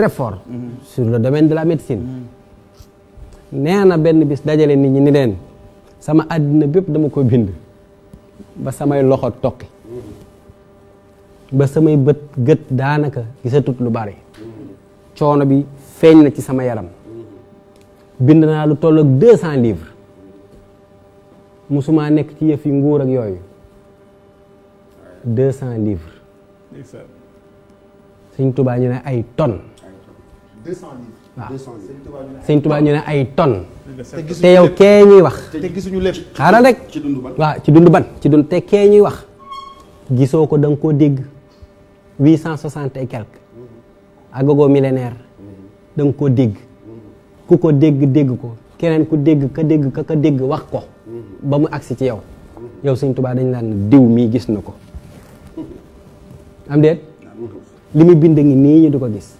très fort mm -hmm. sur le domaine de la médecine néna benn bis dajalé nit ñi ni len sama adina bëpp dama ko bind ba samay loxo tokki ba samay bët gët daanaka gisatut lu bari choono bi feñ na ci sama yaram bind na lu tollu 200 livres musuma nek ci yef yi nguur ak yoy 200 livres. Sëñ Tuubaa ñu ne ay tonnes 200 livres ñu ne ay tonnes. te yow kee ñuy wax. te gisuñu xaaral rek. ci dund ban waaw ci dund ban te kee ñuy wax. gisoo ko da nga koo dégg 860 et quelque. agogo millénaire. da nga koo dégg. ku ko dégg dégg ko keneen ku dégg ka dégg ka ka dégg wax ko. ba mu agsi ci yow. yow sëñ Tuubaa dañ naan diw mii gis na ko. am déet li muy bind ngi nii ñu di ko gis.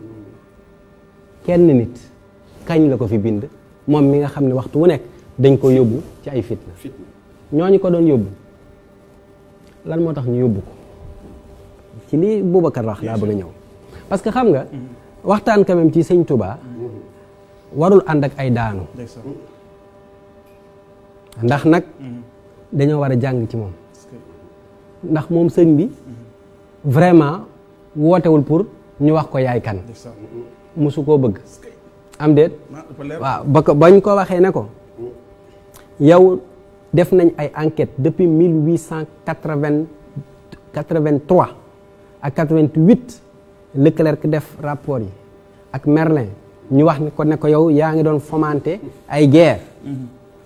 kenn nit kañ la ko fi bind moom mi nga xam ne waxtu wu nekk dañ ko yóbbu ci ay fitna ñooñu ko doon yóbbu lan moo tax ñu yóbbu ko ci li Boubacar wax laa bëgg a parce que xam nga waxtaan quand ci sëñ Touba warul ànd ay daanu ndax nak, mm-hmm. dañoo war a jàng ci moom ndax moom sëñ bi mm-hmm. vraiment wootewul pour ñu wax ko yaay kan musu koo bëgg am déet waaw ba ko bañ ko waxee ne ko yow def nañ ay enquête depuis mille huit cent quatre-vingt-trois ak quatre-vingt-huit Leclerc def rapport yi ak Merlin ñu wax ne ko ne ko yow yaa ngi doon fomenter ay guerre mhm.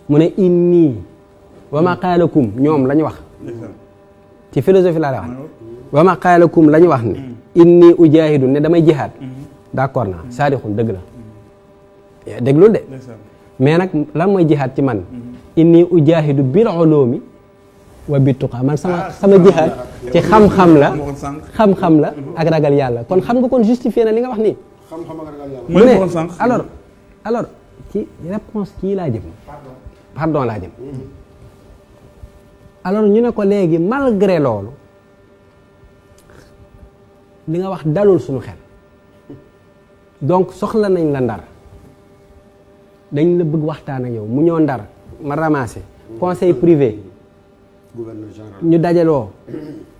mu ne inni wa ma qaalakum ñoom la ñu wax ci philosophie laa la wax wa ma qaalakum la ñu wax ne mhm. inni ujaahidu ne damay jihaad mhm. d'accord saya saadixun dëgg la eh, déglul de mais nak lan moy jihad ci man inni ujahidu bil ulumi wa bi tuqa man sama ah, sama jihad ci xam-xam la xam-xam la mhm. ak ragal yalla kon xam nga kon justifier na li nga wax ni xam-xam ak ragal yalla ne alors alors ci réponse ki la jëm pardon la jëm mhm. alors ñu ne ko léegi malgré lolu li nga wax dalul suñu xel donc soxla nañ la ndar dañ la bëgg waxtaan a yow mu ñoo ndar ma ramassé conseil privé ñu dajaloo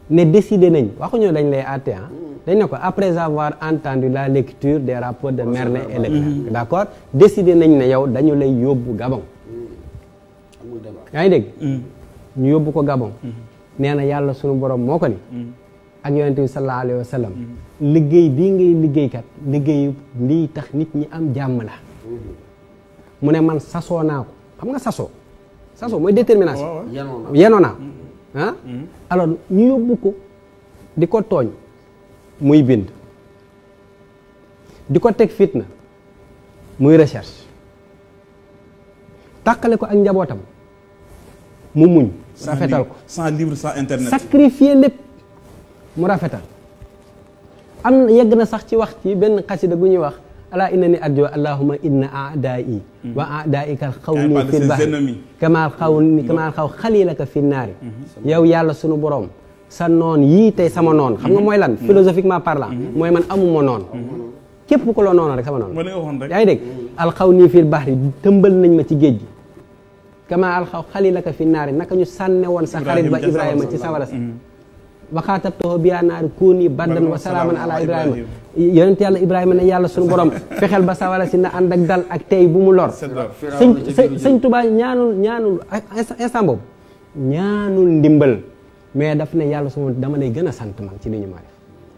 ne décidé nañ waxuñu dañ lay àtte ah dañ ne ko après avoir entendu la lecture des rapports de Merlet et Leclerc mm-hmm. d'accord décidé nañ ne yow dañu lay yóbbu Gabon mm. yaa ngi mm. ñu yóbbu ko Gabon mm-hmm. nee yàlla sunu borom moo ko ni mm. ak yonent bi sallallahu alayhi wa liggéey bii ngay liggéeykat liggéey lii tax nit ñi am jàmm la mu ne man sasoo naa ko xam nga sasoo sasoo mooy détermination yenoo naa mm-hmm. ah mm-hmm. ñu yóbbu ko di ko tooñ muy bind di ko teg fitna muy recherche tàqale ko ak njabootam mu muñ rafetal ko sacrifier lépp mu rafetal am yegg na sax ci wax ci benn xasida gu ñuy wax ala inna ni arjo allahuma inna aadaa'i wa aadaa'ika mm-hmm. alxawni fi lbahri kamaal xaw mm-hmm. kamaal xaw xalilaka fi naari mm-hmm. yow yàlla sunu borom sa noon yii tey sama noon xam nga mooy lan philosophiquement parlant mooy man amuma noon képp ku la noonu rek sama noonu yaa ngi dégg alxaw nii fil bahri tëmbal nañ ma ci géej gi kama alxaw xalilaka fi naari naka ñu sànne woon sa xarit ba ibrahima ci sawala sa waxaatabtoo biyaa naari kuuni baddan wa salaaman ala ibrahima yonent yàlla ibrahima ne yàlla suñu borom fexeel ba sawara si na ànd ak dal ak tey bu mu lor sëñ sëñ tubaa ñaanul ñaanul instant boobu ñaanul ndimbal mais daf ne yàlla suñu dama lay gën a sant man ci li ñu ma def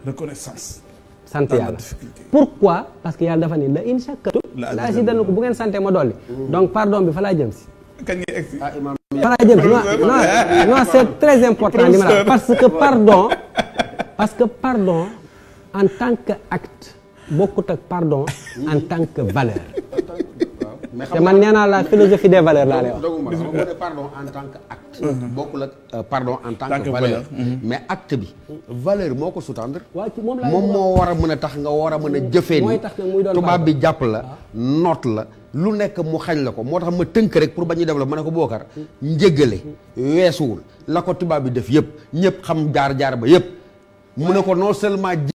reconnaissance sant yàlla pourquoi parce que yàlla dafa ne la in shakartum la azidannakum bu ngeen sante ma dolli mm. donc pardon bi fa laa jëm non, non, c'est très important parce que pardon parce que pardon en tant qu'acte beaucoup de pardon en tant que valeur. C'est maintenant la philosophie des valeurs là. Mhm. bokkul ak euh, pardon en tant que mhm. mais acte bi valeur moo ko sous-tendre moom moo war a mën a tax nga war a mën a jëfee ni tubaab bi jàpp la ah. noot la lu nekk mu xañ la ko moo tax ma tënk rek pour ba ñu développé mën ne ko bookar njëgale weesuwul la ko tubaab bi def yëpp ñëpp xam jaar-jaar ba yëpp mu ne ko non seulement